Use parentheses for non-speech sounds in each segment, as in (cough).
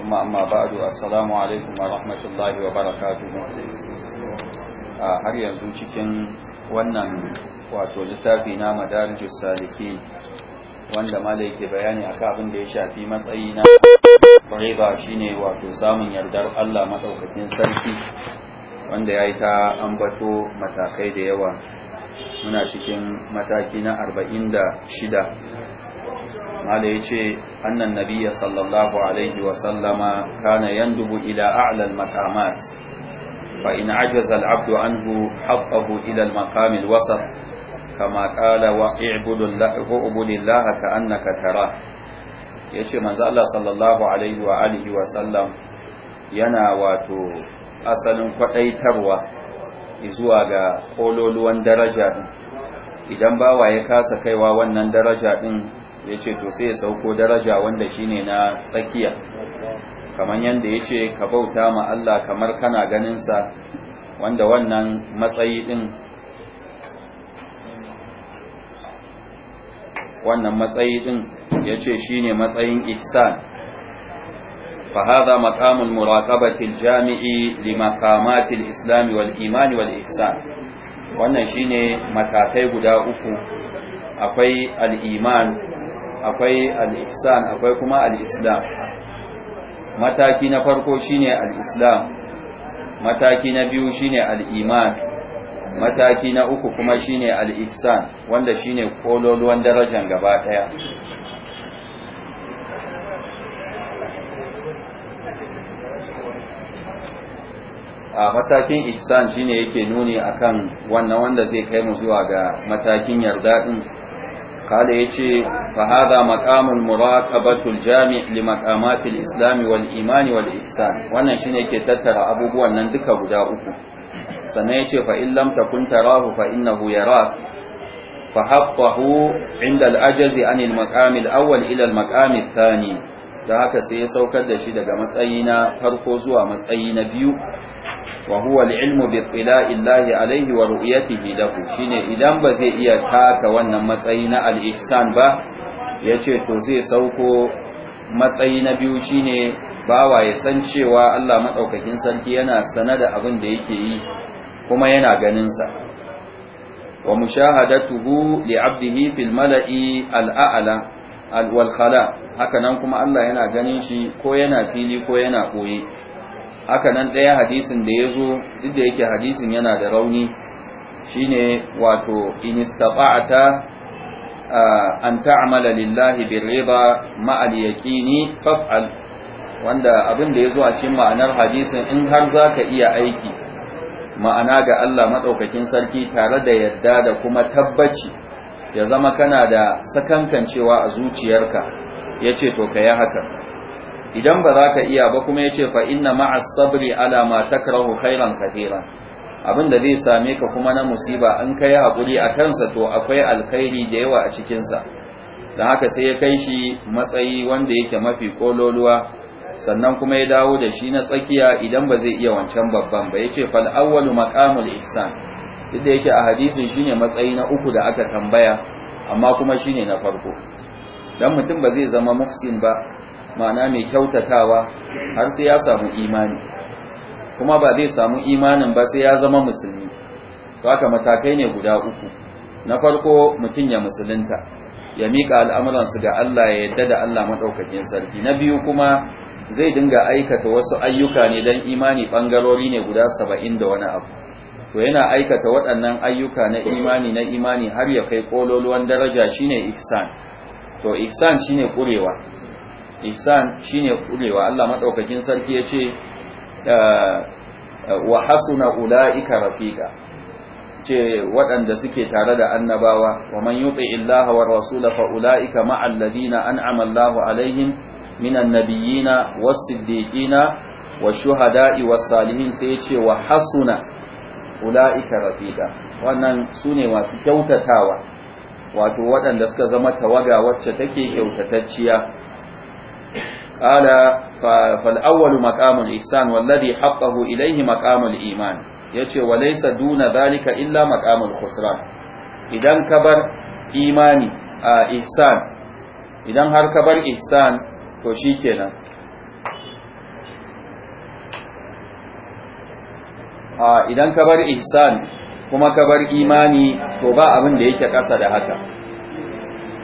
ثم أما بعد السلام wa ورحمة الله وبركاته har yanzu cikin wannan wato littafi na madarijus saliki wanda mala yake bayani akan abin da ya shafi matsayi na riba shine wato samun yardar Allah madaukakin sarki wanda yayi ta ambato matakai da yawa muna cikin mataki na shida. mala ya ce annan nabiya sallallahu alaihi wasallama kana yandubu ila a'lal maqamat fa in ajaza al'abdu anhu haqqahu ila al-maqam al-wasat kama qala wa ka yace manzo Allah sallallahu alaihi wa alihi wa sallam yana wato asalin kwadaitarwa zuwa ga kololuwan daraja din idan bawa ya kasa kaiwa wannan daraja din ya ce to sai ya sauko daraja wanda shine na tsakiya kamar yadda ya ce ka bauta ma Allah kamar kana ganinsa wanda wannan matsayi din wannan matsayi din ya ce shi ne matsayin ihsan jami'i مقام المراقبة islami wal imani wal والإحسان wannan shine matakai guda uku akwai al-iman akwai al-ihsan akwai kuma al-islam mataki na farko shine al-islam mataki na biyu shine al-iman mataki na uku kuma shine al-ihsan wanda shine kololuwan darajar gaba daya a matakin ihsan shine yake nuni akan wannan wanda zai kai mu zuwa ga matakin yarda din قال يجي فهذا مقام المراقبة الجامع لمقامات الإسلام والإيمان والإحسان وانا شنيك تترى أبوه أن ندك بداؤك سنيجي فإن لم تكن تراه فإنه يراك فحطه عند الأجز عن المقام الأول إلى المقام الثاني da haka sai ya saukar da shi daga matsayi na farko zuwa matsayi na biyu wa العلم al-ilmu عليه illahi alaihi wa اذا ما زي idan ba zai iya taka wannan matsayi na al-ihsan ba yace to zai sauko matsayi na biyu shine bawa ya san cewa Allah madaukakin sarki yana sanada abin da yake yi kuma yana ganin sa wa mushahadatuhu li 'abdihi fil mala'i al-a'la al-wal khala haka nan kuma Allah yana ganin shi ko yana fili ko yana koyi haka nan ɗaya hadisin da ya zo duk da yake hadisin yana da rauni shine wato inistata'ata an ta'amala lillahi birriba ma'al yaqini faf'al wanda abin da ya zo a cikin ma'anar hadisin in har za ka iya aiki ma'ana ga Allah maɗaukakin sarki tare da yadda da kuma tabbaci ya zama kana da sakankancewa a zuciyarka ya ce to ka yi haka idan ba za ka iya ba kuma ya ce fa inna ma'as sabri ala ma takrahu khairan kathiran abin da zai same ka kuma na musiba an kai hakuri a kansa to akwai alkhairi da yawa a cikin sa dan haka sai ya kai shi matsayi wanda yake mafi kololuwa sannan kuma ya dawo da shi na tsakiya idan ba zai iya wancan babban ba yace fal awwalu maqamul ihsan duk da yake a hadisin shine matsayi na uku da aka tambaya amma kuma shine na farko dan mutum ba zai zama muhsin ba ma'ana mai kyautatawa har sai ya samu imani kuma ba zai samu imanin ba sai ya zama musulmi su haka matakai ne guda uku na farko mutum ya musulunta ya miƙa su ga Allah ya yadda da Allah maɗaukakin sarki na biyu kuma zai dinga aikata wasu ayyuka ne don imani ɓangarori ne guda saba'in da wani abu to yana aikata waɗannan ayyuka na imani na imani har ya kai ƙololuwan daraja shine ihsan to Iksan shine ƙurewa ihsan shine kulewa Allah madaukakin sarki yace eh, wa hasuna ulaika rafiqa ce waɗanda suke tare da annabawa wa man yuti illaha fa ulaika ma'al ladina an'ama Allahu alaihim minan nabiyina was-siddiqina wash-shuhada'i was-salihin sai yace wa hasuna ulaika rafiqa wannan sune masu kyautatawa wato waɗanda suka zama tawaga wacce take kyautatacciya قال فالأول مقام الإحسان والذي حقه إليه مقام الإيمان يتي وليس دون ذلك إلا مقام الخسران إذا كبر إيماني آه إحسان إذا هر كبر إحسان وشيكنا آه إذا كبر إحسان kuma ka bar imani to ba abin da yake ƙasa da haka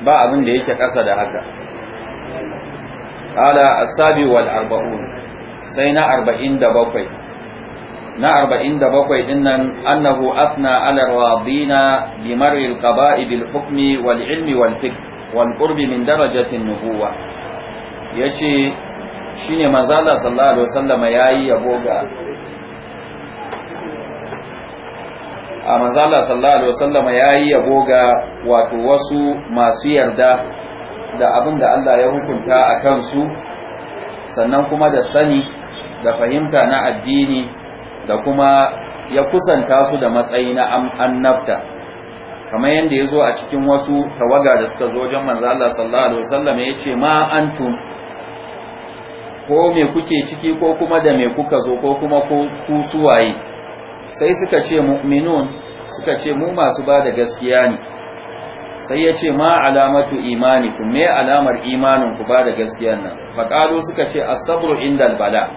ba abin da yake ƙasa da haka ala asabi wal arba'un sai na 47 na 47 din nan annahu afna ala radina bi mar'i al hukmi wal ilmi wal fiqh wal qurbi min darajati an nubuwa yace shine manzo sallallahu alaihi wasallam yayi yabo ga a manzala sallallahu alaihi yayi yabo ga wato wasu masu yarda da abin da Allah ya hukunta a kansu sannan kuma da sani da fahimta na addini da kuma ya kusanta su da matsayi na annabta kamar yadda ya zo a cikin wasu tawaga da suka zo wajen manzo Allah sallallahu alaihi wasallam ya ce ma antum ko me kuke ciki ko kuma da me kuka zo ko kuma ko ku suwaye sai suka ce mu'minun suka ce mu masu ba da gaskiya ne sai ya ce ma alamatu imani me alamar imanin ku ba da gaskiyar nan faƙalo suka ce asabru indal bala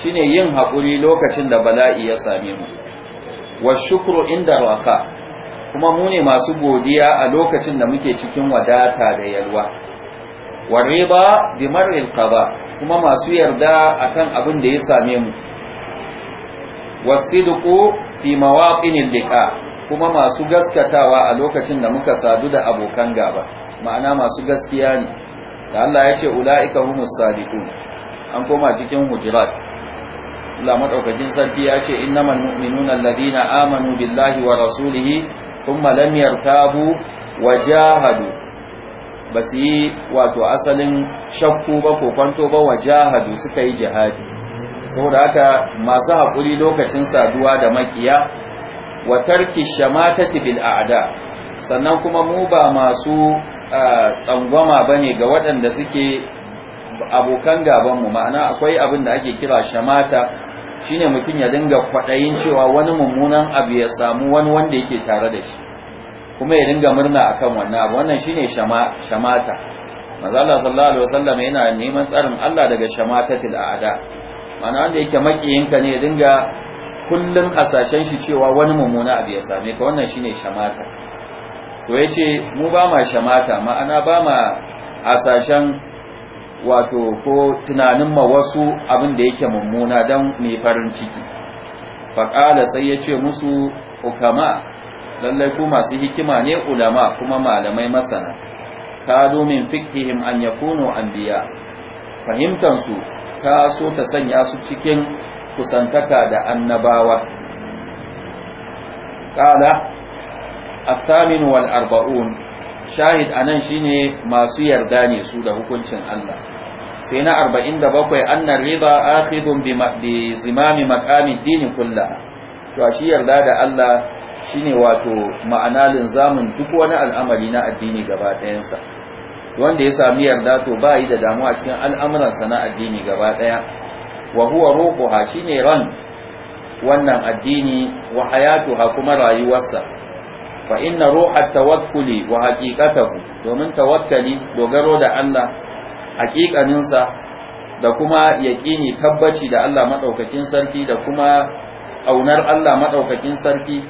shine yin haƙuri lokacin da bala'i ya same mu wa shukru inda rafa kuma mu ne masu godiya a lokacin da muke cikin wadata da yalwa wa riba bi marril qada kuma masu yarda akan abin da ya same mu wasidqu fi mawaqinil liqa kuma masu gaskatawa a lokacin da muka sadu da abokan gaba ma'ana masu gaskiya ne da Allah ya ce ula'ika humus sadiqun an koma cikin hujurat Allah madaukakin sarki ya ce innamal mu'minuna alladhina amanu billahi wa rasulihi thumma lam yartabu wa jahadu basi wato asalin shakku ba ko kwanto ba wa jahadu suka yi jihadi saboda haka masu haƙuri lokacin saduwa da makiya wa tarki shamatati bil a'da sannan kuma mu ba masu tsangwama bane ga waɗanda suke abokan gaban mu ma'ana akwai abin da ake kira shamata shine mutum ya dinga kwaɗayin cewa wani mummunan abu ya samu wani wanda yake tare da shi kuma ya dinga murna akan wannan abu wannan shine shamata manzo Allah sallallahu alaihi wasallam yana neman tsarin Allah daga shamatatil a'da ma'ana wanda yake makiyinka ne ya dinga kullum hasashen shi cewa wani mummuna abu ya same ka wannan shine shamata to yace mu ba ma shamata ma'ana ba ma hasashen wato ko tunanin ma wasu abin da yake mummuna dan mai farin ciki faqala sai yace musu hukama lallai ku masu hikima ne ulama kuma malamai masana kado min fikihim an yakunu anbiya fahimtansu ka so ta sanya su cikin kusantaka da annabawa qala wal arbaun shahid anan shine masu yarda ne su da hukuncin Allah sai na 47 annar riba akhidun bi mahdi zimami maqami dini kulla to shi yarda da Allah shine wato ma'ana linzamin duk wani al'amari na addini gaba ɗayan wanda ya sami yarda to ba yi da damuwa cikin al'amuran sa na addini gaba ɗaya wa huwa ruquha shine ran wannan addini wa hayatuha kuma rayuwarsa fa inna ruha tawakkuli wa haqiqatahu domin tawakkali dogaro da Allah haƙiƙaninsa da kuma yaƙini tabbaci da Allah madaukakin sarki da kuma aunar Allah madaukakin sarki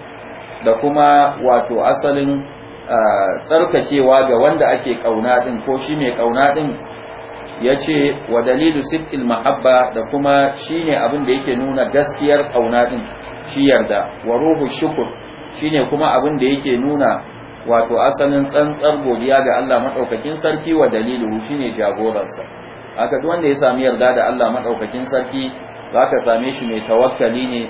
da kuma wato asalin ah, tsarkakewa ga wanda ake kauna din ko shi mai kauna din ya ce wa dalilu sittil mahabba da kuma shi ne abin da yake nuna gaskiyar ƙauna ɗin shi yarda wa ruhu shukur shi ne kuma abin da yake nuna wato asalin tsantsar godiya ga Allah maɗaukakin sarki wa dalilu shi ne jagoransa haka duk wanda ya sami yarda da Allah maɗaukakin sarki za ka same shi mai tawakkali ne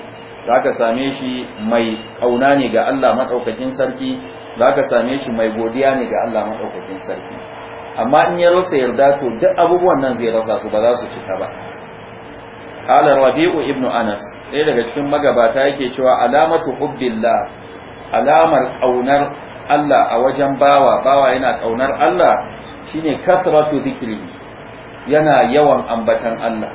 za ka same shi mai ƙauna ne ga Allah maɗaukakin sarki za ka same shi mai godiya ne ga Allah maɗaukakin sarki amma in ya rasa yarda to duk abubuwan nan zai rasa su ba za su cika ba qala rabi'u ibnu anas ɗaya daga cikin magabata yake cewa alamatu hubbillah alamar kaunar Allah a wajen bawa bawa yana kaunar Allah shine kasratu dhikri yana yawan ambatan Allah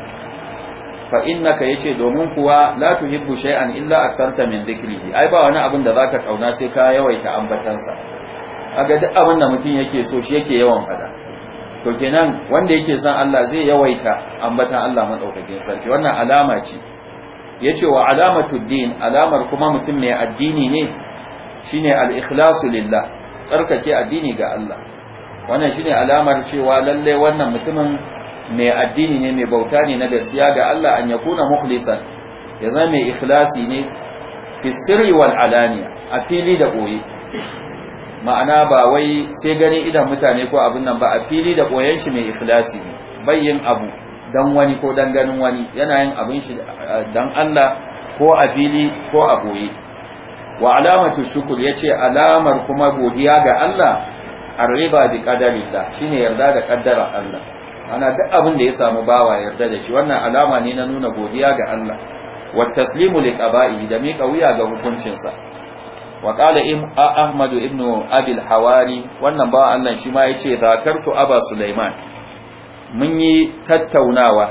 fa innaka yace domin kuwa la tuhibbu shay'an illa aktarta min dhikrihi ai ba wani abin da zaka kauna sai ka yawaita ambatansa aga duk abin da mutum yake so shi yake yawan fada to kenan wanda yake san Allah zai yawaita ambatan Allah madaukakin sarki wannan alama ce yace wa alamatu din alamar kuma mutum mai addini ne shine al-ikhlasu lillah tsarkake addini ga Allah wannan shine alamar cewa lalle wannan mutumin mai addini ne mai bauta ne na gaskiya ga Allah an yakuna mukhlisan ya zama mai ikhlasi ne fi sirri wal alaniya a fili da boye ma'ana ba wai sai gani idan mutane ko abin nan ba a fili da koyon shi mai ikhlasi ne bayyin abu dan wani ko dan ganin wani yana yin abin shi dan Allah ko a fili ko a boye wa alamatu shukr yace alamar kuma godiya ga Allah arriba bi qadarillah shine yarda da kaddara Allah ana duk abin da ya samu bawa yarda da shi wannan alama ne na nuna godiya ga Allah wa taslimu liqaba'i da miƙa wuya ga hukuncinsa wa qala Ibnu ibnu abil hawari wannan ba Allah shi ma yace zakartu aba sulaiman mun yi tattaunawa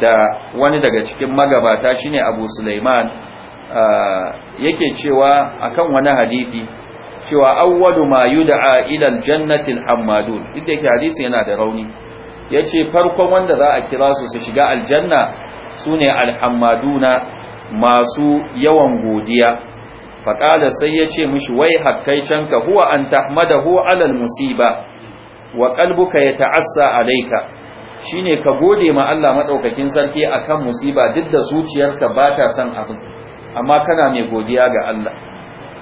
da wani daga cikin magabata shine abu sulaiman yake cewa akan wani hadisi cewa awwalu ma yud'a ila aljannati alhammadun inda yake hadisi yana da rauni yace farkon wanda za a kira su su shiga aljanna sune alhammaduna masu yawan godiya faƙala sai ya ce mishi wai ka huwa an tahmadahu alal musiba wa qalbuka yata'assa Shi ne ka gode ma Allah maɗaukakin sarki akan musiba duk da zuciyarka ba ta son abin amma kana mai godiya ga Allah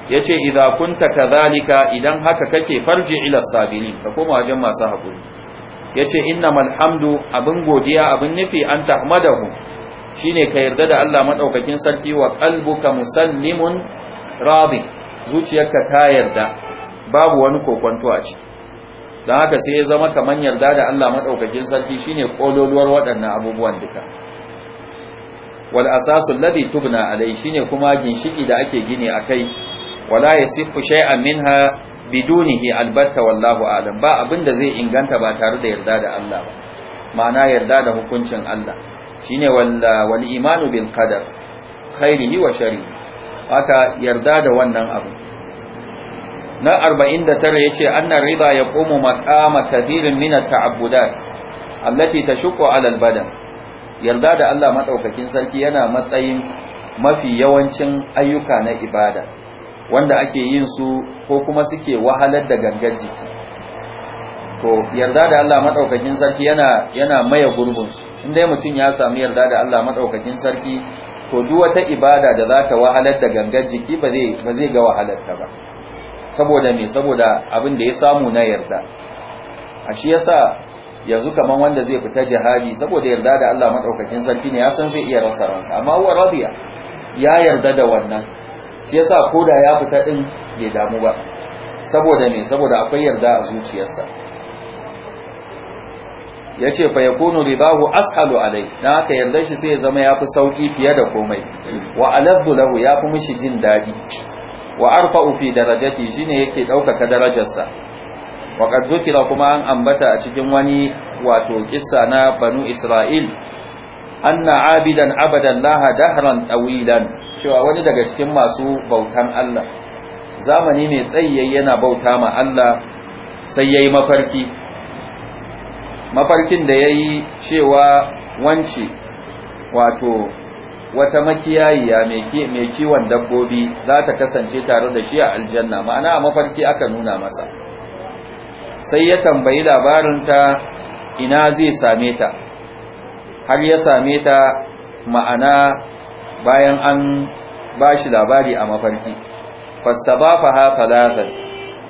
yace idza kunta zalika idan haka kake farji ila sabili ka koma wajen masu hakuri yace innamal hamdu abin godiya abin nufi an Shi shine ka yarda da Allah maɗaukakin sarki wa ƙalbuka musallimun rabi zuciyarka ta yarda babu wani kokonto a ciki don haka sai ya zama kamar yarda da Allah madaukakin sarki shine kololuwar waɗannan abubuwan duka wal asasul ladhi tubna alai shine kuma ginshiki da ake gini akai wala yasifu shay'an minha bidunihi albatta wallahu alam ba abinda zai inganta ba tare da yarda da Allah ba ma'ana yarda da hukuncin Allah shine wal wal imanu bil qadar khairihi wa sharrihi haka yarda da wannan abu na 49 yace annar rida yaqumu maqama kathirin min at-ta'abbudat allati tashqu 'ala albadan yarda da Allah madaukakin sarki yana matsayin mafi yawancin ayyuka na ibada wanda ake yin su ko kuma suke wahalar da gangar jiki to yarda da Allah madaukakin sarki yana yana maye gurbin su indai mutum ya samu yarda da Allah madaukakin sarki to duk wata ibada da za ta wahalar da gangan jiki ba zai ga wahalar wahalarta ba saboda me saboda abin da ya samu na yarda a shi yasa yanzu kaman wanda zai fita jihadi saboda yarda da Allah madaukakin sarki ne ya san zai iya rasa ransa amma huwa radiya ya yarda da wannan shi yasa koda ya fita din bai damu ba saboda me saboda akwai yarda a zuciyarsa ya ce fa yakunu ribahu ashalu alai Na haka yarda shi sai ya zama ya fi sauki fiye da komai wa aladdu lahu yafi mishi jin dadi wa arfa fi darajati shine yake ɗaukaka darajarsa wa qad kuma an ambata a cikin wani wato kissa na banu isra'il anna abidan abadan laha dahran tawilan cewa wani daga cikin masu bautan Allah zamani mai tsayi yana bauta ma Allah sai yayi mafarki mafarkin da ya yi cewa wance wato wata makiyayiya mai kiwon dabbobi za ta kasance tare da shi a aljanna ma'ana a mafarki aka nuna masa sai ya tambayi labarinta ina zai same ta har ya same ta ma'ana bayan an ba shi labari a mafarki fassabafaha talatan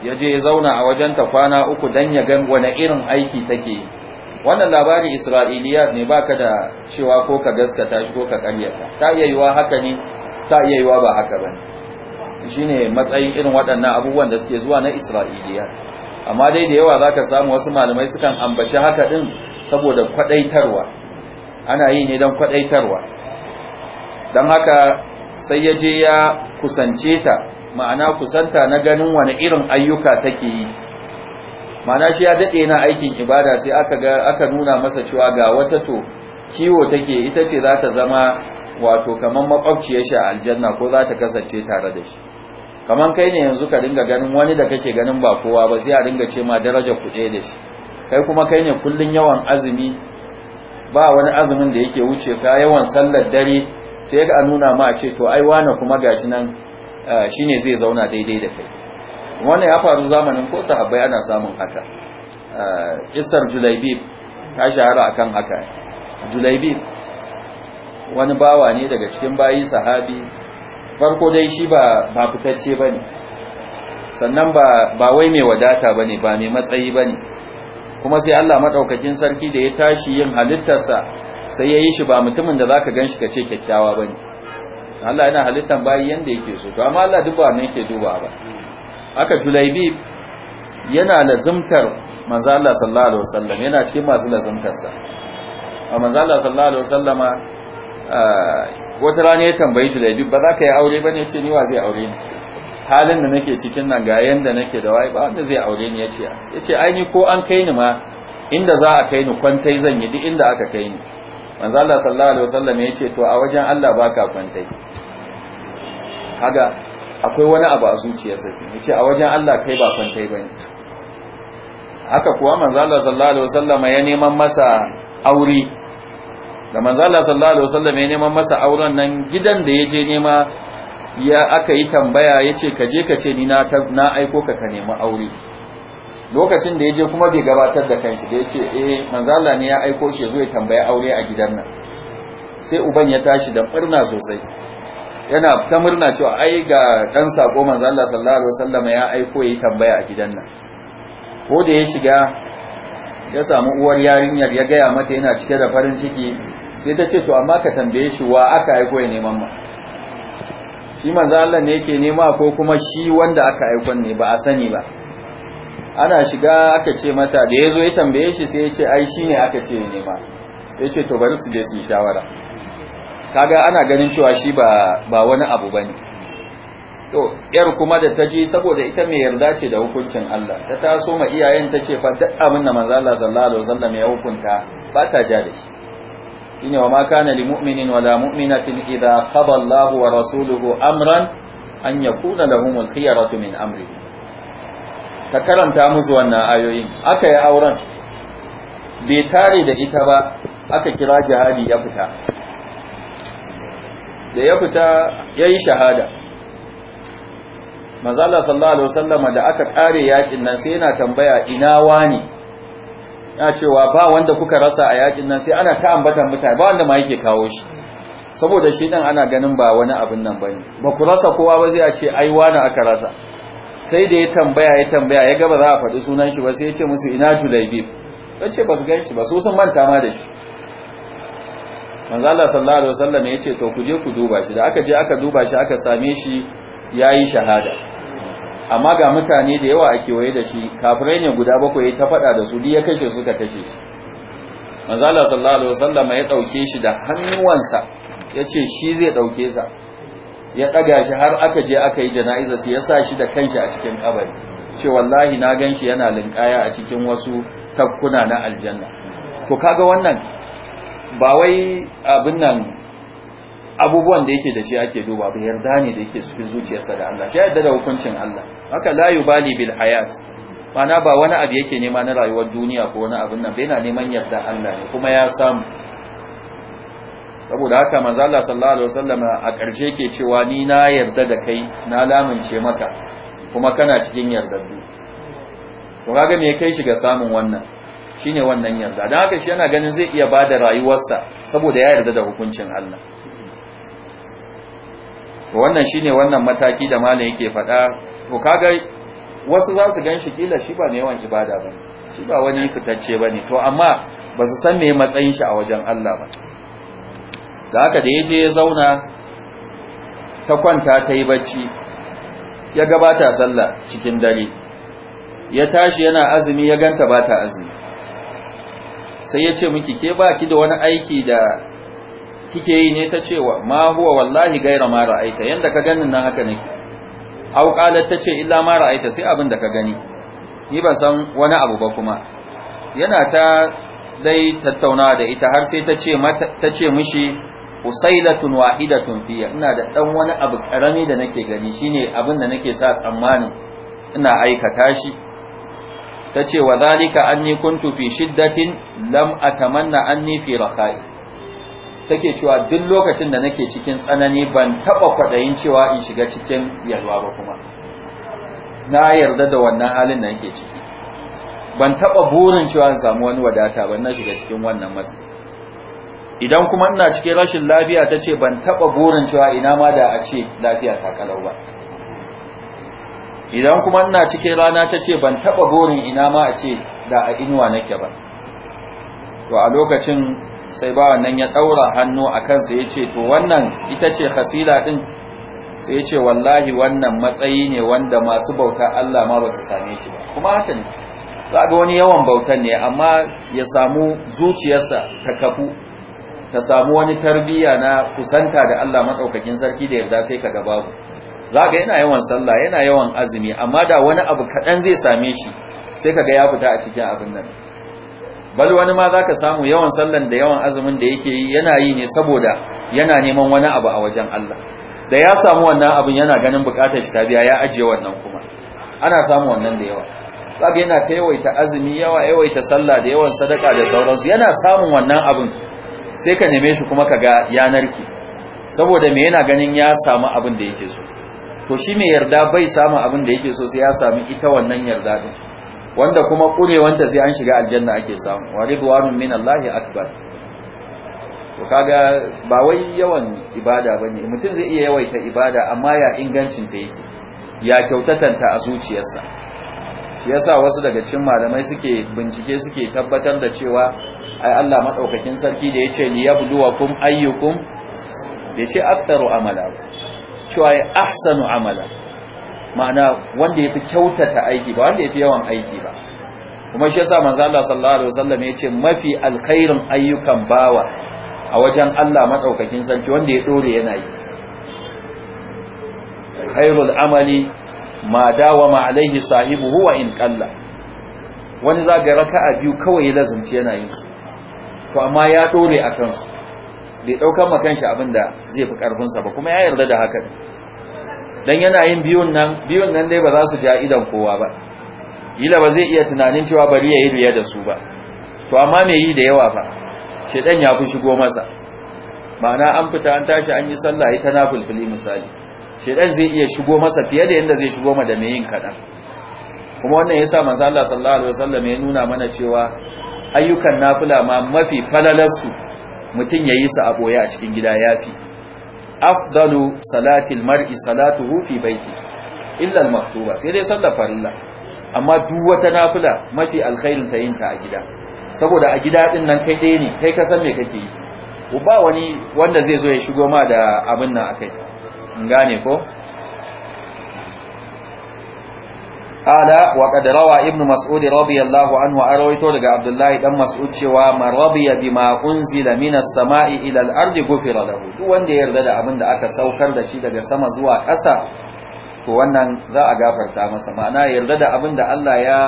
ya je zauna a wajenta kwana uku don ya gan wane irin aiki take yi wannan labarin isra'iliya ne baka da cewa ko ka gaskata shi ko ka karyata ta iya haka ne ta iya yiwa ba haka bane shine matsayin irin waɗannan abubuwan da suke zuwa na isra'iliya amma dai da yawa zaka samu wasu malamai sukan ambaci haka din saboda kwadaitarwa ana yi ne don kwadaitarwa don haka sai ya je ya kusance ta ma'ana kusanta na ganin wani irin ayyuka take yi mana shi ya daɗe na aikin ibada sai aka ga aka nuna masa cewa ga wata to kiwo take ita ce za ta zama wato kaman makwabciyar shi a aljanna ko za ta kasance tare da shi kaman kai ne yanzu ka dinga ganin wani da kake ganin ba kowa ba sai a dinga ce ma daraja kuɗe da shi kai kuma kai ne kullun yawan azumi ba wani azumin da yake wuce ka yawan sallar dare sai ka nuna ma a ce to ai wani kuma gashi nan eh, shine zai zauna daidai da kai wannan ya faru zamanin ko sahabbai ana samun haka eh, kisar julaibib ta shahara akan haka julaibib wani bawa ne daga cikin bayi sahabi farko dai shi ba ba fitacce sannan ba wai mai wadata bane ba mai matsayi bane kuma sai Allah maɗaukakin sarki da ya tashi yin halittarsa sai ya yi shi ba mutumin da zaka ganshi ce kyakkyawa bane Allah yana halittan bayi yanda yake so to amma Allah duk ba ne yake duba ba Aka julaibi yana lazimtar manzo sallallahu alaihi wasallam yana cikin masu lazimtar sa a manzo sallallahu alaihi wasallama wata rana ya tambayi julaibi. ba za ka yi aure bane yace ni wa zai aure ni halin da nake cikin nan ga yanda nake da wai ba wanda zai aure ni yace yace ai ni ko an kai ni ma inda za a kai ni kwantai zan yi duk inda aka kai ni manzo sallallahu alaihi wasallam yace to a wajen Allah baka kwantai Haga. akwai wani abu a zuciyarsa ke ce a wajen Allah kai ba kwantai bane haka kuwa manzala sallallahu alaihi wasallam ya neman masa aure da manzala sallallahu alaihi wasallam ya neman masa auren nan gidan da ya je nema ya aka yi tambaya ya ce ka je ka ce ni na na aiko ka ka nemi aure lokacin da ya je kuma bai gabatar da kanshi da ya ce eh manzala ne ya aiko shi ya zo ya tambaya aure a gidan nan sai uban ya tashi da murna sosai yana ta murna cewa ai ga dan sako manzo Allah sallallahu alaihi wasallam ya aiko yi tambaya a gidan nan ko da ya shiga ya samu uwar yarinyar ya gaya mata yana cike da farin ciki sai ta ce to amma ka tambaye shi wa aka aiko ya neman ma shi manzo Allah ne yake nema ko kuma shi wanda aka aiko ne ba a sani ba ana shiga aka ce mata da yazo ya tambaye shi sai ya ce ai shine aka ce ya nema sai ce to bari su je su yi shawara kaga ana ganin cewa shi ba ba wani abu bane to yar kuma da taji saboda ita mai yarda ce da hukuncin Allah ta taso ma iyayen ta ce fa duk abin da manzo Allah sallallahu alaihi wasallam ya hukunta ba ta ja da shi inna wa ma kana lil mu'minin wala mu'minatin idha qada Allahu wa rasuluhu amran an yakuna al khiyaratu min amri ta karanta musu wannan ayoyin aka yi auren bai tare da ita ba aka kira jihadi ya fita da ya fita ya yi shahada mazala sallallahu alaihi wasallama da aka kare yakin nan sai yana tambaya ina wani ya cewa ba wanda kuka rasa a yakin nan sai ana ta ambatan mutane ba wanda ma yake kawo shi saboda shi dan ana ganin ba wani abin nan bane ba ku rasa kowa ba zai ce ai wani aka rasa sai da ya tambaya ya tambaya ya ga ba za a faɗi sunan shi ba sai ya ce musu ina julaibib ya ce ba su gan shi ba su sun manta ma da shi manzo Allah sallallahu alaihi wasallam ya to ku je ku duba shi da aka je aka duba shi aka same shi yayi shahada amma ga mutane da yawa a kewaye da shi kafirai ne guda bakwai ta faɗa da su ya kashe suka kashe shi manzo Allah sallallahu alaihi wasallam ya dauke shi da hannuwansa yace shi zai dauke sa ya daga shi har aka je aka yi janaiza sai ya sa shi da kanshi a cikin kabari ce wallahi na ganshi yana linkaya a cikin wasu takkuna na aljanna to kaga wannan ba wai abin nan abubuwan da yake da shi ake duba ba yarda ne da yake cikin zuciyarsa da Allah shi yarda da hukuncin Allah haka la yubali bil hayat mana ba wani abu yake nema na rayuwar duniya ko wani abin nan ba yana neman yarda Allah ne kuma ya samu saboda haka manzo Allah sallallahu alaihi wasallam a ƙarshe yake cewa ni na yarda da kai na lamince maka kuma kana cikin yarda ku kaga me kai shi ga samun wannan shine wannan yarda dan haka shi yana ganin zai iya bada rayuwarsa saboda ya yarda da hukuncin Allah wannan shine wannan mataki da malam yake faɗa to kaga wasu za su ganshi kila shi ba mai yawan ibada bane shi ba wani fitacce bane to amma ba su san me matsayin shi a wajen Allah ba da haka da ya je ya zauna ta kwanta ta yi bacci ya gabata sallah cikin dare ya tashi yana azumi ya ganta bata azumi sai ya ce miki ke ba ki da wani aiki da kike yi ne ta ce ma huwa wallahi gaira ma ra'aita yanda ka ganin nan haka nake aw qalat ta ce illa ma ra'aita sai abin da ka gani ni ban san wani abu ba kuma yana ta dai tattauna da ita har sai ta ce ta ce mishi usailatun wahidatun fiya ina da dan wani abu karami da nake gani shine abin da nake sa tsammanin ina aikata shi tace wa zalika anni kuntu fi shiddatin lam atamanna anni fi rakhai take cewa duk lokacin da nake cikin tsanani ban taba kwadayin cewa in shiga cikin yalwa ba kuma na yarda da wannan halin da nake ciki ban taba burin cewa in samu wani wadata ban na shiga cikin wannan masu idan kuma ina cikin rashin lafiya tace ban taba burin cewa ina ma da a ce lafiya ta kalau ba idan kuma ina cikin rana ta ce ban taba gorin ina ma a ce da a inuwa nake ba to a lokacin sai ba wannan ya ɗaura hannu akan kansa ya ce to wannan ita ce hasila din? sai ya ce wallahi wannan matsayi ne wanda masu bauta Allah ma ba su same shi ba kuma haka ne za ga wani yawan bautan ne amma ya samu zuciyarsa ta kafu ta samu wani tarbiyya na kusanta da Allah maɗaukakin sarki da yarda sai ka gaba babu zaka yana yawan sallah yana yawan azumi amma da wani abu kaɗan zai same shi sai kaga ya fita a cikin abin nan bal wani ma zaka samu yawan sallan da yawan azumin da yake yi yana yi ne saboda yana neman wani abu a wajen Allah da ya samu wannan abin yana ganin bukatar shi ta biya ya ajiye wannan kuma ana samu wannan da yawa zaka yana ta yawaita azumi yawa yawaita sallah da yawan sadaka da sauransu yana samun wannan abin sai ka neme shi kuma ka kaga yanarki saboda me yana ganin ya samu abin da yake so to shi mai yarda bai samu abin da yake so sai ya sami ita wannan yarda din wanda kuma kurewanta sai an shiga aljanna ake samu wa ridwanun min Allahi akbar to kaga ba wai yawan ibada bane mutum zai iya yawaita ibada amma ya ingancin ta yake ya kyautatanta a zuciyarsa shi yasa wasu daga cikin malamai suke bincike suke tabbatar da cewa ai Allah madaukakin sarki da yace li yabluwakum ayyukum da yace aktsaru amala cewa ya ahsanu amala ma'ana wanda yafi kyautata aiki ba wanda yafi yawan aiki ba kuma shi yasa manzo Allah sallallahu alaihi wasallam yace mafi alkhairin ayyukan bawa a wajen Allah madaukakin sarki wanda ya dore yana yi khairul amali ma ma alaihi sahibu huwa in qalla wani zaga raka'a biyu kawai lazumci yana yi to amma ya dore akan su bai ɗaukan ma kanshi abin da zai fi ƙarfinsa ba kuma ya yarda da haka dan yana yin biyun nan biyun nan dai ba za su ja idan kowa ba yila ba zai iya tunanin cewa bari ya yi riya da su ba to amma me yi da yawa fa shedan ya fi shigo masa ma'ana an fita an tashi an yi sallah ai ta nafilfili misali shaɗan zai iya shigo masa fiye da yanda zai shigo ma da mai yin kaɗan. kuma wannan yasa manzo Allah sallallahu alaihi wasallam ya nuna mana cewa ayyukan nafila ma mafi falalarsu mutum ya yi su a ɓoye a cikin gida ya fi afdalu Salatin mar'i salatuhu fi baiti illa maktuba sai dai sallar farilla amma duk wata nafila mafi alkhairin ta yin ta a gida saboda a gida din nan kai ɗaya ne kai ka san me kake yi ba wani wanda zai zo ya shigo ma da abin nan akai in gane ko ala wa qad rawa ibn mas'ud radiyallahu anhu arwayto daga abdullahi dan mas'ud cewa man bi bima unzila minas sama'i ila al-ardi ghufira lahu duk wanda ya yarda da abin da aka saukar da shi daga sama zuwa ƙasa to wannan za a gafarta masa ma'ana yarda da abin da Allah ya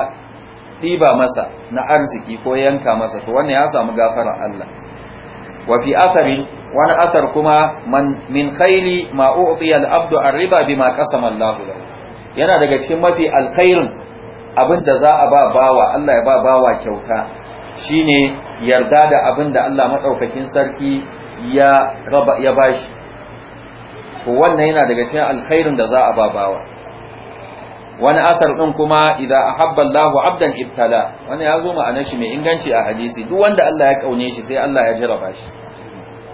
ɗiba masa na arziki ko yanka masa to wannan ya samu gafara Allah wa fi atharin wani athar kuma man min khayli ma u'tiya al-abdu ar-riba bima qasama Allah lahu yana daga cikin mafi alkhairin abin da za a ba bawa Allah ya ba bawa kyauta shine yarda da abin da Allah madaukakin sarki ya raba ya bashi wannan yana daga cikin alkhairin da za a ba bawa wani asar din kuma idan ahabba Allahu abdan ibtala wani yazo ma'anar shi mai inganci a hadisi duk wanda Allah ya kaune shi sai Allah ya jaraba shi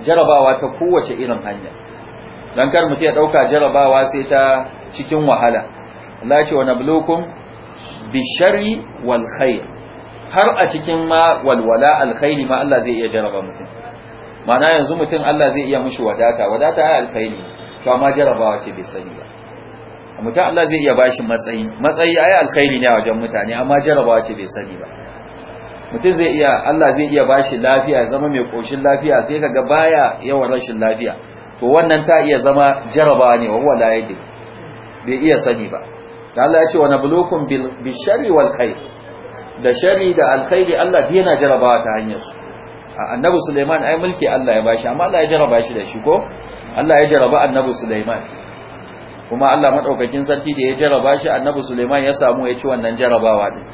jarabawa ta kowace irin hanya dan kar mutum ya dauka jarabawa sai ta cikin wahala Allah ya ce wa nablukum bishari wal khair har a cikin ma walwala alkhairi ma Allah zai iya jaraba mutum mana yanzu mutum Allah zai iya mushi wadata wadata ai alkhairi to amma jarabawa ce bai sani ba mutum Allah zai iya bashi matsayi matsayi ai alkhairi ne a wajen mutane amma jarabawa ce bai sani ba mutum zai iya Allah zai iya bashi lafiya zama mai koshin lafiya sai kaga baya yawan rashin lafiya to wannan ta iya zama jarabawa ne wa wala yadda bai iya sani ba da Allah ya ce wa nablukum bil sharri wal khair da shari da alkhairi Allah biya na jarabawa ta hanyar su annabi Suleiman ai mulki Allah ya bashi amma Allah ya jaraba shi da shi ko Allah ya jaraba annabi Suleiman. kuma Allah madaukakin sarki da ya jaraba shi annabi Sulaiman ya samu ya ci wannan jarabawa din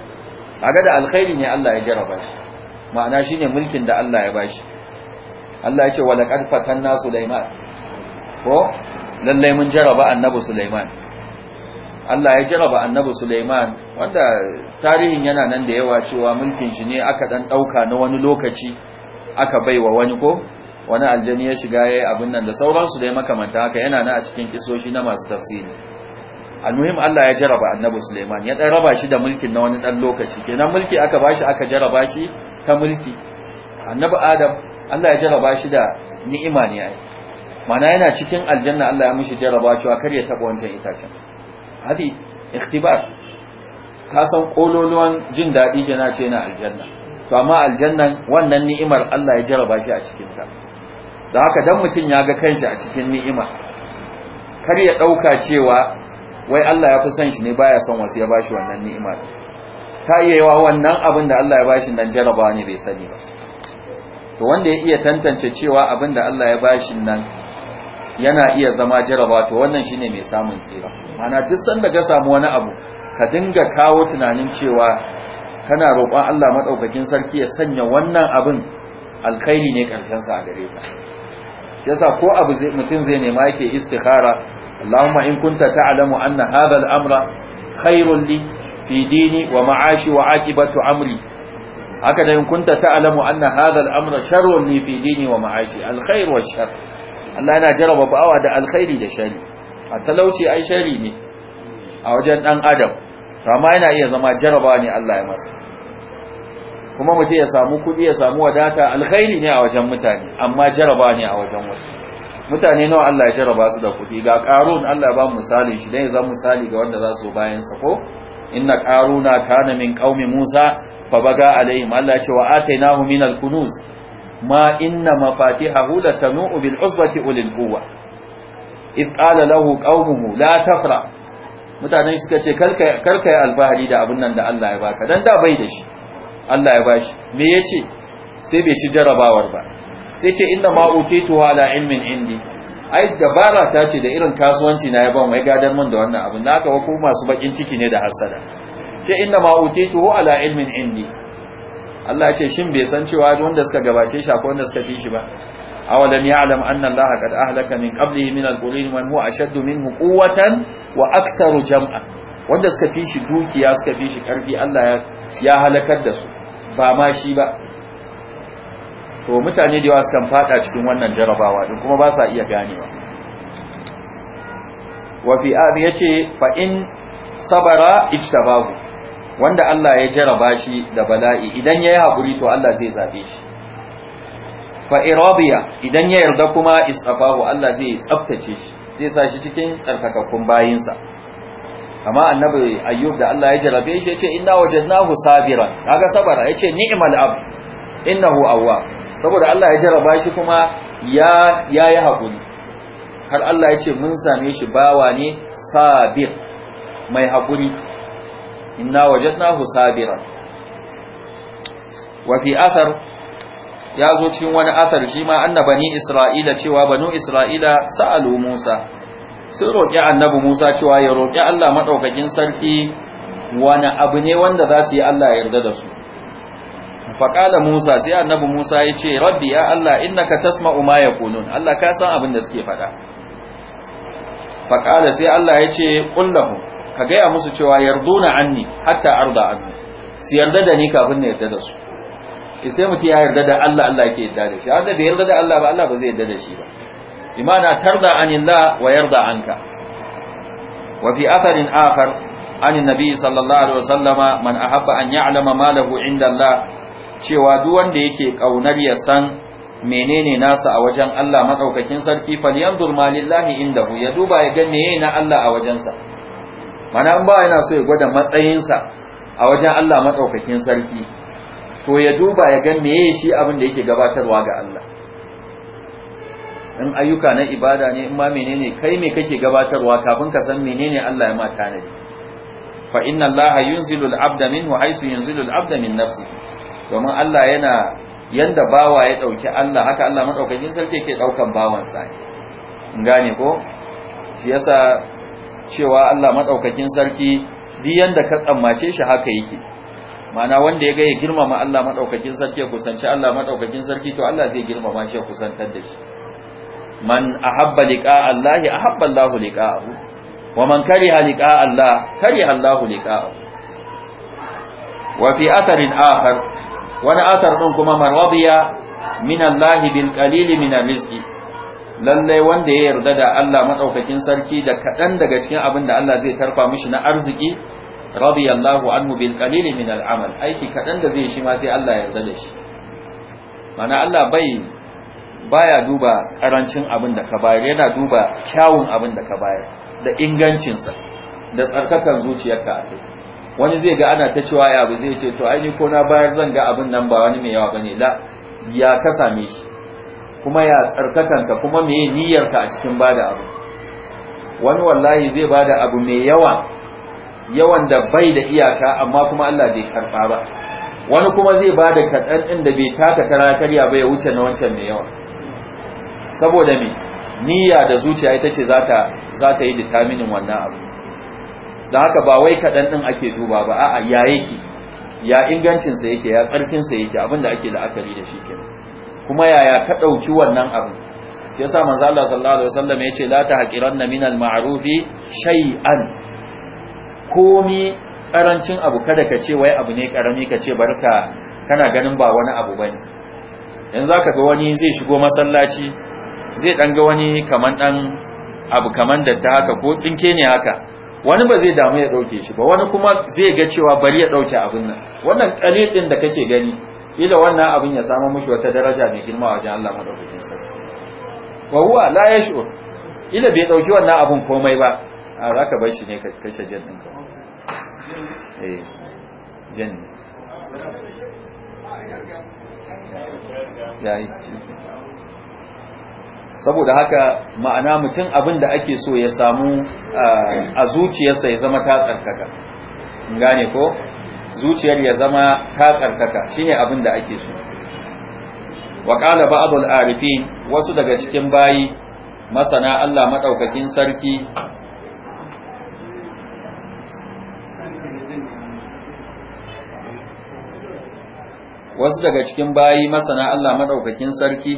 kaga da alkhairi ne Allah ya jaraba shi ma'ana shine mulkin da Allah ya bashi Allah ya ce walaqad fatanna Suleiman. ko lallai mun jaraba annabi Suleiman. Allah ya jaraba annabi Sulaiman wanda tarihin yana nan da yawa cewa mulkin shi ne aka dan dauka na wani lokaci aka baiwa wani ko wani aljani ya shiga yayin abin nan da sauransu da ya makamanta haka yana nan a cikin kisoshi na masu tafsiri almuhim Allah ya jaraba annabi Sulaiman ya dan raba shi da mulkin na wani dan lokaci kenan mulki aka bashi aka jaraba shi ta mulki annabi Adam Allah ya jaraba shi da ni'ima ne ai mana yana cikin aljanna Allah ya mishi jaraba cewa kar ya taba wancan itacen hadi ikhtibar ka san kololuwan jin daɗi na ce na aljanna to amma aljannan wannan ni'imar Allah ya jaraba shi a cikin ta da haka dan mutun ya ga kanshi a cikin ni'ima kar ya dauka cewa wai Allah ya fi son shi ne baya son wasu ya bashi wannan ni'imar ta iya yawa wannan abin da Allah ya bashi nan jarabawa ne bai sani ba to wanda ya iya tantance cewa abin da Allah ya bashi nan yana iya zama jarabawa to wannan shine mai samun tsira mana duk sanda ka samu wani abu ka dinga kawo tunanin cewa kana roƙon Allah madaukakin sarki ya sanya wannan abin alkhairi ne karshen sa gare ka shi yasa ko abu zai mutun zai nema yake istikhara Allahumma in kunta ta'lamu anna hadha al-amra khairun li fi dini wa ma'ashi wa aqibatu amri haka da in kunta ta'lamu anna hadha al-amra sharrun li fi dini wa ma'ashi al-khair wa shar Allah yana jaraba bawa da alkhairi da shari a talauci ai shari ne a wajen dan adam to amma yana iya zama jaraba ne Allah ya masa kuma mutum ya samu kudi ya samu wadata alkhairi ne a wajen mutane amma jaraba ne a wajen wasu mutane nawa Allah ya jaraba su da kudi ga qarun Allah ba misali shi dai zan misali ga wanda za su bayan sa ko inna qaruna kana min qaumi musa fa baga alaihim Allah ya ce wa atainahu min al-kunuz ma inna mafatihahu latanu bil usbati ulil quwwah iz qala lahu qaumuhu la tafra mutanen shi suka ce karka yi alfahari da abin nan da Allah ya baka dan da bai da shi Allah ya bashi me yace sai bai ci jarabawar ba sai ce inna ma utitu ala ilmin indi ai dabara ta ce da irin kasuwanci na ya ban mai gadar mun da wannan abin naka ko masu bakin ciki ne da hasada ce inna ma utitu ala ilmin indi Allah ya ce shin bai san cewa wanda suka gabace shi akwai wanda suka fi shi ba awalam ya'lam anna Allah qad ahlaka min qablihi min al-qurun man huwa ashaddu minhu quwwatan wa aktharu jam'a wanda suka fi shi dukiya suka fi shi karfi Allah ya halakar da su ba ma shi ba to mutane da yawa sukan fada cikin wannan jarabawa din kuma ba sa iya gane wa fi abi yace fa in sabara ijtabahu wanda Allah ya jaraba shi da bala'i idan yayi hakuri to Allah zai zabe shi fa idan ya yarda kuma istafahu Allah zai tsaftace shi zai sa shi cikin tsarkakakkun bayinsa amma annabi ayyub da Allah ya jarabe shi yace inna wajadnahu sabiran kaga sabara yace ni'mal ab innahu awwa saboda Allah ya jaraba shi kuma ya yi hakuri har Allah yace mun same shi bawa ne sabir mai hakuri inna wajadnahu sabiran wa fi athar ya zo cikin wani athar shi ma anna bani isra'ila cewa banu isra'ila sa'alu musa sun roƙi annabi musa cewa ya roƙi Allah madaukakin sarki wani abu ne wanda za su yi Allah ya yarda da su faƙala musa sai annabi musa ya ce rabbi ya Allah innaka tasma'u ma yaqulun Allah ka san abin da suke faɗa faƙala sai Allah ya ce qullahu ka gaya musu cewa yarduna anni hatta arda anni su yarda da ni kafin na yarda da su sai mutum ya yarda da Allah Allah yake yarda da shi wanda bai yarda da Allah ba Allah ba zai yarda da shi ba imana tarda anillah wa yarda anka wa fi atharin akhar an nabi sallallahu alaihi wasallama man ahabba an ya'lama malahu inda Allah cewa duk wanda yake kaunar ya san menene nasa a wajen Allah madaukakin sarki falyanzur malillahi indahu ya duba ya ga meye na Allah a wajensa mana an ba yana so ya gwada matsayinsa a wajen Allah madaukakin sarki to ya duba ya ga meye shi abin da yake gabatarwa ga Allah in ayyuka na ibada ne in ma menene kai me kake gabatarwa kafin ka san menene Allah ya ma tanadi fa inna Allah yunzilul abda minhu haythu yunzilul abda min nafsi domin Allah yana yanda bawa ya dauki Allah haka Allah madaukakin sarki yake daukan sa in gane ko shi yasa cewa Allah madaukakin sarki duk yanda ka tsammace shi haka yake ma'ana wanda ya ga ya girmama Allah maɗaukakin sarki ya kusanci Allah maɗaukakin sarki to Allah zai girmama shi ya kusantar da shi man ahabba liqa Allah ahabba Allah liqa'ahu wa man kariha liqa Allah kariha Allah liqa'ahu wa fi atharin akhar wani athar din kuma maradiya min Allah bil qalil min rizqi lallai wanda ya yarda da Allah maɗaukakin sarki da kaɗan daga cikin abin da Allah zai tarfa mishi na arziki radiyallahu anhu bil qalil min al amal aiki kadan da zai shi ma sai Allah ya yarda da shi mana Allah bai baya duba karancin abin da ka bayar yana duba kyawun abin da ka bayar da ingancinsa da tsarkakan zuciyarka a kai wani zai ga ana ta cewa ya abu zai ce to ai ni ko na bayar zan ga abin nan ba wani mai yawa bane la ya ka same shi kuma ya tsarkakan ka kuma meye niyyarka a cikin bada abu wani wallahi zai bada abu mai yawa yawan da bai da iyaka amma kuma Allah bai karɓa ba wani kuma zai ba da kaɗan ɗin da bai taka kara karya ba ya wuce na wancan mai yawa saboda me niyya da zuciya ita ce za ta yi determining wannan abu da haka ba wai kaɗan ɗin ake duba ba a'a ya yake ya ingancinsa yake ya tsarkinsa yake abin da ake la'akari da shi kenan kuma yaya ka ɗauki wannan abu shi yasa manzo Allah sallallahu alaihi wasallam ce la tahqiranna minal ma'rufi shay'an komi karancin abu kada ka ce wai abu ne karami ka ce barka kana ganin ba wani abu bane yanzu zaka ga wani zai shigo masallaci zai dan ga wani kaman dan abu kaman da ta haka ko tsinke ne haka wani ba zai damu ya dauke shi ba wani kuma zai ga cewa bari ya dauke abin nan wannan kalil din da kake gani ila wannan abin ya samu mushi wata daraja mai girma wajen Allah madaukakin sarki wa huwa la yash'ur ila bai dauki wannan abun komai ba a zaka bar shi ne ka kashe jin ka. Eh, saboda haka ma'ana mutum abin da ake so ya samu a zuciyarsa ya zama ta tsarkaka gane ko zuciyar ya zama ta tsarkaka shine abin da ake so waƙala ba ba'dul arifin wasu daga cikin bayi masana Allah maɗaukakin sarki wasu daga cikin bayi masana Allah madaukakin sarki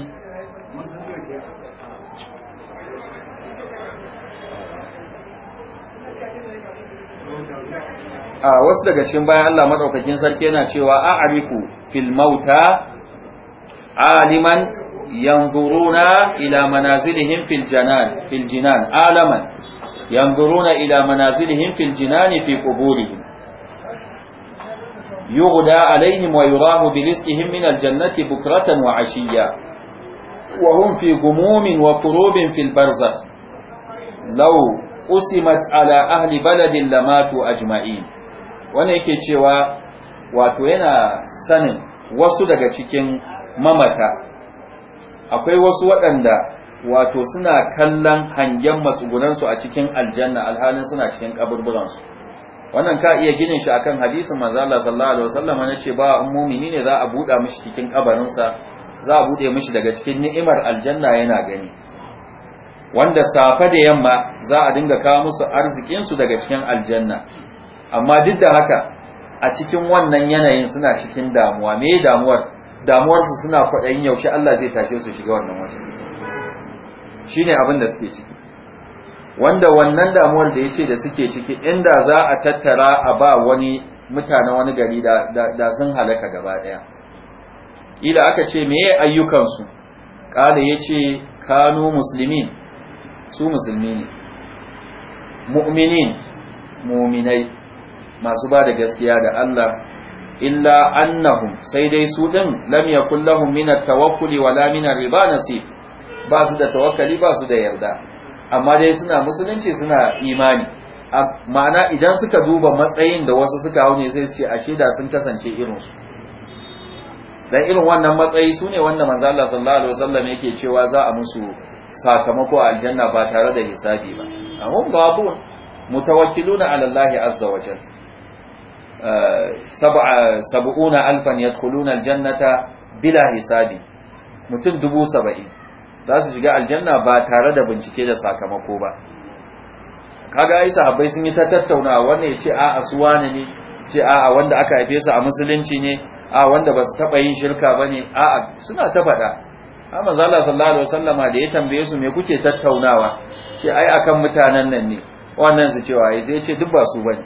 a wasu daga cikin bayan Allah madaukakin sarki yana cewa a'rifu fil mauta aliman yanzuruna ila manazilihim fil janan fil jinan alaman yanzuruna ila manazilihim fil jinan fi quburihim yughda alaihim wa yurahu bi rizqihim min aljannati bukratan wa ashiya wa hum fi gumumin wa kurubin fil barzakh law usimat ala ahli baladin lamatu ajma'in wannan yake cewa wato yana sanin wasu daga cikin mamata akwai wasu waɗanda wato suna kallon hangen matsugunansu a cikin aljanna alhalin suna cikin kaburburansu wannan ka iya ginin shi akan hadisin manzo Allah sallallahu alaihi wasallam ne ce ba mu'mini ne za a buɗa mishi cikin kabarin sa za a buɗe mishi daga cikin ni'imar aljanna yana gani wanda safa da yamma za a dinga kawo musu arzikin su daga cikin aljanna amma duk da haka a cikin wannan yanayin suna cikin damuwa me damuwar damuwarsu suna kwaɗayin yaushe Allah zai tashe su shiga wannan wajen shine abin da suke ciki wanda wannan damuwar da ya ce da suke ciki inda za a tattara a ba wani mutane wani gari da sun halaka gaba ɗaya ila aka ce meye ayyukansu ƙala ya ce kano musulmin su musulmi ne mu'minin muminai masu ba da gaskiya da Allah illa annahum sai dai su ɗin lamya yakun min tawakkuli wala riba nasi ba su da tawakkali ba su da yarda amma dai suna musulunci suna imani ma'ana idan suka duba matsayin da wasu suka hau ne sai su ce a shida sun kasance irinsu dan irin wannan matsayi sune ne wanda manzo Allah sallallahu alaihi wasallam yake cewa za a musu sakamako a aljanna ba tare da hisabi ba amma gabun mutawakkiluna ala Allah azza wa jal sab'a sab'una alfan yadkhuluna aljannata bila hisabi mutum dubu saba'in za su shiga aljanna ba tare da bincike da sakamako ba kaga ai sahabbai sun yi ta tattauna wanda ya ce a'a su wane ne ce a'a wanda aka haife su a musulunci ne a wanda ba su taba yin shirka ba ne. a'a suna ta faɗa a manzo sallallahu alaihi wasallama da ya tambaye su me kuke tattaunawa ce ai akan mutanen nan ne wannan su cewa ai sai ce duk ba su bane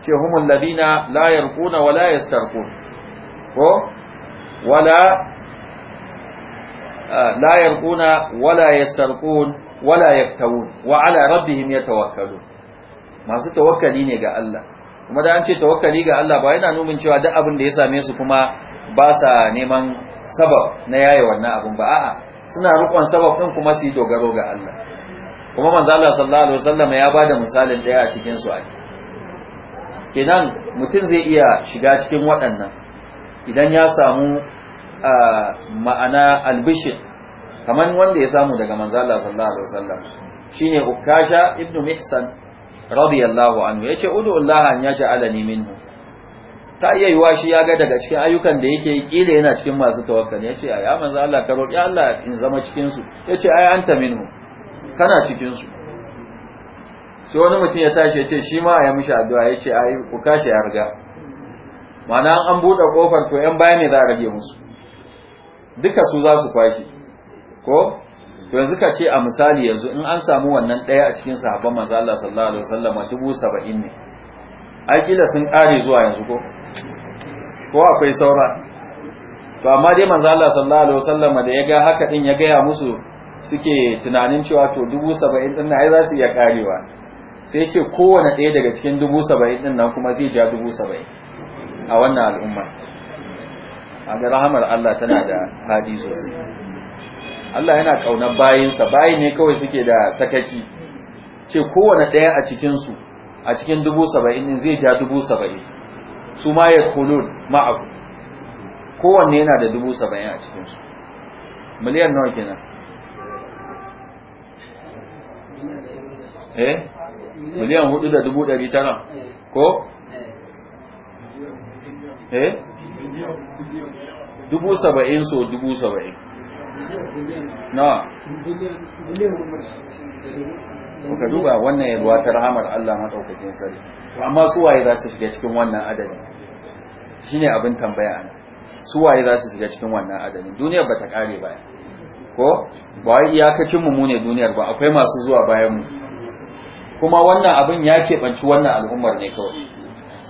ce humul ladina la yarquna wa yastarqu ko wala لا يرقون wala yastarqun wala yaktawun وعلى ربهم يتوكلون masu tawakkali ne ga Allah kuma da an ce tawakkali ga Allah ba yana nufin cewa duk abin da ya same su kuma ba sa neman sabab na yaye wannan abin ba a'a suna rukun sabab din kuma su yi dogaro ga Allah kuma manzo Allah sallallahu alaihi wasallam ya bada misalin daya a cikin su ake kenan mutum zai iya shiga cikin waɗannan idan ya samu ma'ana albishir kamar wanda ya samu daga manzo Allah sallallahu alaihi wasallam shine ukasha ibnu mihsan radiyallahu anhu yace ud'u Allah an alani minhu ta iya yiwa shi ya ga daga cikin ayyukan da yake kila yana cikin masu tawakkali yace ai ya manzo Allah ka roki Allah in zama cikin su yace ai anta minhu kana cikin su sai wani mutum ya tashi yace shi ma ya mishi addu'a yace ai ukasha ya riga ma'ana an buɗe kofar to 'yan baya ne za a rage musu duka su za su kwashi ko to yanzu ka ce a misali yanzu in an samu wannan ɗaya a cikin sahabban manzo Allah sallallahu alaihi wasallam dubu saba'in ne ai kila sun ƙare zuwa yanzu ko ko akwai saura to amma dai manzo Allah sallallahu alaihi wasallam da ya ga haka din ya gaya musu suke tunanin cewa to dubu saba'in din ai za su iya karewa sai ce kowane ɗaya daga cikin dubu saba'in din nan kuma zai ja dubu saba'in a wannan al'umma ga rahamar Allah tana da hadi sosai Allah yana kaunar bayinsa bayi ne kawai suke da sakaci ce kowane ɗaya a cikin su a cikin dubu saba'in zai ja dubu saba'in su ma ya kulun ma'abu kowanne yana da dubu saba'in a cikin su miliyan nawa kenan eh miliyan hudu da dubu ɗari ko eh dubu saba'in so dubu saba'in na ka duba wannan yalwa ta rahamar Allah maɗaukakin sari amma suwaye za su shiga cikin wannan adadin ne abin tambaya ne suwaye za su shiga cikin wannan adadin duniyar ba ta kare ba ko ba wai iyakacinmu mu ne duniyar ba akwai masu zuwa bayan mu kuma wannan abin ya keɓanci wannan al'ummar ne kawai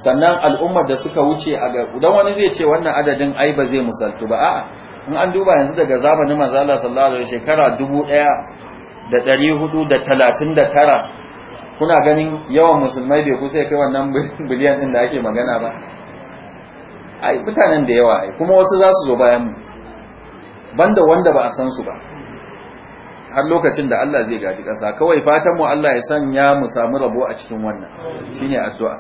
sannan al'ummar da suka wuce a ga dan wani zai ce wannan adadin ai ba zai musaltu ba a'a in an duba yanzu daga zamanin manzo Allah sallallahu alaihi wasallam shekara 1439 kuna ganin yawan musulmai bai kusa kai wannan biliyan din da ake magana ba ai mutanen da yawa ai kuma wasu za su zo bayan mu banda wanda ba a san su ba har lokacin da Allah zai gaji ƙasa kawai fatan mu Allah ya sanya mu samu rabo a cikin wannan shine addu'a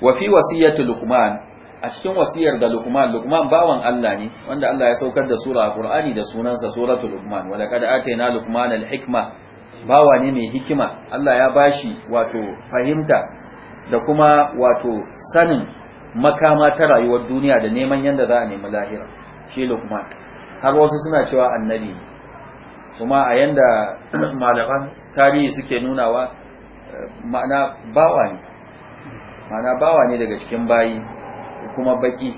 wa fi wasiyati luqman a cikin wasiyar da luqman luqman bawan Allah ne wanda Allah ya saukar da sura Kur'ani da sunansa suratul luqman wa laqad atayna luqman alhikma hikma bawa ne mai hikima Allah ya bashi wato fahimta da kuma wato sanin makama ta rayuwar duniya da neman yanda za a nemi lahira shi luqman har wasu suna cewa annabi kuma a yanda (clears throat) malaman tarihi suke nunawa eh, ma'ana bawa ne mana bawa ne daga cikin bayi kuma baki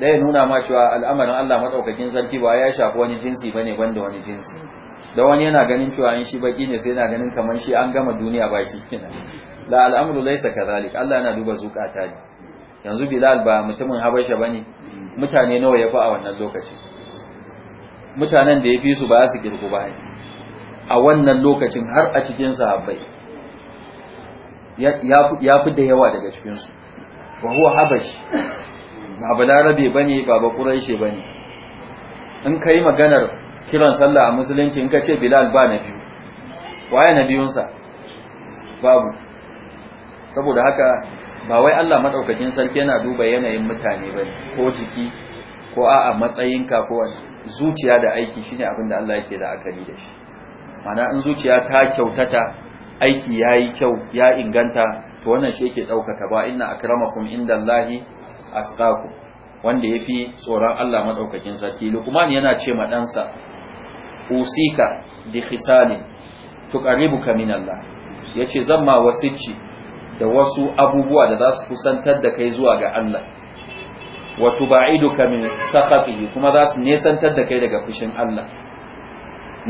ɗaya nuna ma cewa al'amarin Allah maɗaukakin sarki ba ya shafi wani jinsi bane banda wani jinsi da wani yana ganin cewa in shi baki ne sai yana ganin kamar shi an gama duniya ba shi kina la al'amru laysa kadhalik Allah yana duba zukata ne yanzu Bilal ba mutumin Habasha bane mutane nawa ya fi a wannan lokaci mutanen da ya fi su ba su kirgu ba a wannan lokacin har a cikin sahabbai ya fi da yawa daga cikinsu wa huwa habashi ba ba larabe ba ne ba ba ƙuraishe ba ne in ka yi maganar kiran sallah a musulunci in ka ce bilal ba na biyu waye na biyunsa babu saboda haka ba wai allah maɗaukakin sarki yana duba yanayin mutane ba ko jiki ko a'a matsayinka ko zuciya da aiki shine abin da allah yake da akali da shi mana in zuciya ta kyautata aiki ya yi kyau ya inganta to wannan shi yake ɗaukaka ba inna akramakum indallahi asqakum wanda yafi tsoron Allah madaukakin sarki lukman yana ce ma ɗansa usika bi khisalin tuqarribuka min Allah yace zan ma wasicci da wasu abubuwa da za su kusantar da kai zuwa ga Allah wa tubaiduka min saqati kuma za su nesantar da kai daga fushin Allah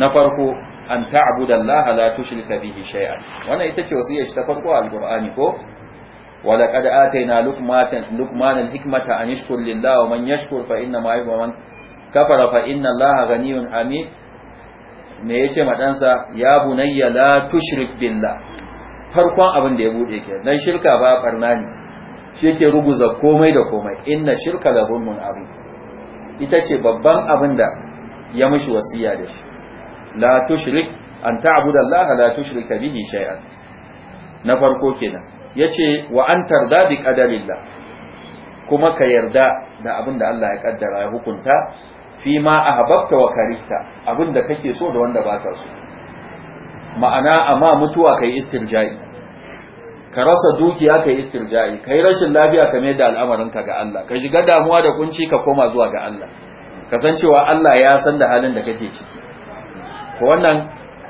na farko an ta'budallaha la tushrika bihi shay'an wannan ita ce wasiyar ta farko alqur'ani ko ولقد an yashkur lillahi wa man yashkur fa inna ma yuwa man kafara fa inna الله غني amin me yace ma ya bunayya la tushrik billah farkon abin da ya bude ke dan shirka ba barna ne shi yake ruguza komai da komai inna shirka la zulmun abin ita ce babban abin da ya mishi wasiya da shi la tushrik an ta'budu Allah la tushrika bihi shay'an na farko kenan yace wa an tarda bi qadarillah kuma ka yarda da abin da Allah ya kaddara ya hukunta fi ma hababta wa karita abin da kake so da wanda baka so ma'ana amma mutuwa kai istirja'i ka rasa dukiya ka yi istirja'i ka yi rashin lafiya ka mai da ka ga Allah ka shiga damuwa da kunci ka koma zuwa ga Allah kasancewa Allah ya san da halin da kake ciki to wannan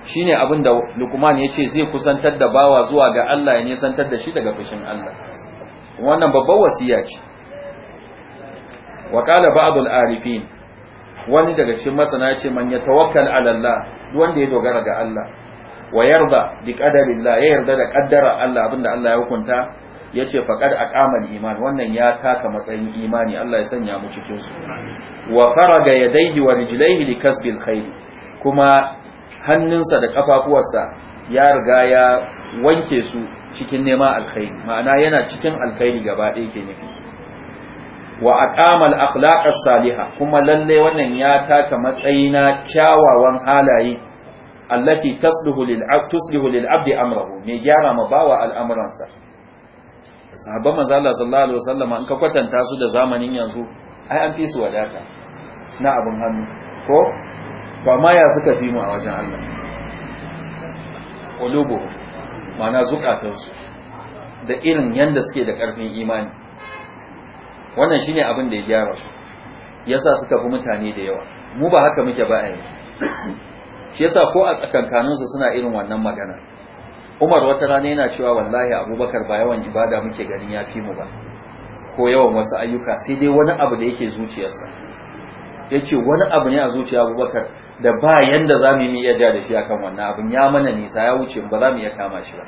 shine abin da Luqman ya ce zai kusantar da bawa zuwa ga Allah ya nisantar da shi daga fushin Allah wannan babbar wasiya ce wa ba'adul ba'dul arifin wani daga cikin masana ya ce man ya ala Allah duk wanda ya dogara ga Allah wa yarda bi qadarillah ya yarda da qaddara Allah abinda Allah ya hukunta yace faqad aqamal iman wannan ya taka matsayin imani Allah ya sanya mu cikin su wa faraga yadayhi wa rijlaihi li kasbil khair kuma hannunsa da kafafuwarsa ya riga ya wanke su cikin nema alkhairi ma'ana yana cikin alkhairi gaba ɗaya ke nufi wa aqamal akhlaqas saliha kuma lalle wannan ya taka matsayi na kyawawan halaye allati tasluhu lil tasluhu lil abdi amrahu me gyara ma bawa al'amuransa sahabban manzo Allah sallallahu alaihi wasallam an ka kwatanta su da zamanin yanzu ai an fi su wadata na abin hannu ko to amma ya suka fi mu a wajen Allah Olobo mana zukatansu da irin yanda suke da ƙarfin imani wannan shine abin da ya gyara su yasa suka fi mutane da yawa mu ba haka muke ba a yanzu shi yasa ko a tsakankaninsu suna irin wannan magana Umar wata rana yana cewa wallahi Abubakar ba yawan ibada muke ganin ya fi mu ba ko yawan wasu ayyuka sai dai wani abu da yake zuciyarsa ya ce wani abu ne a zuciya abubakar da ba yanda za mu yi iya ja da shi akan wannan abin ya mana nisa ya wuce ba za mu iya kama shi ba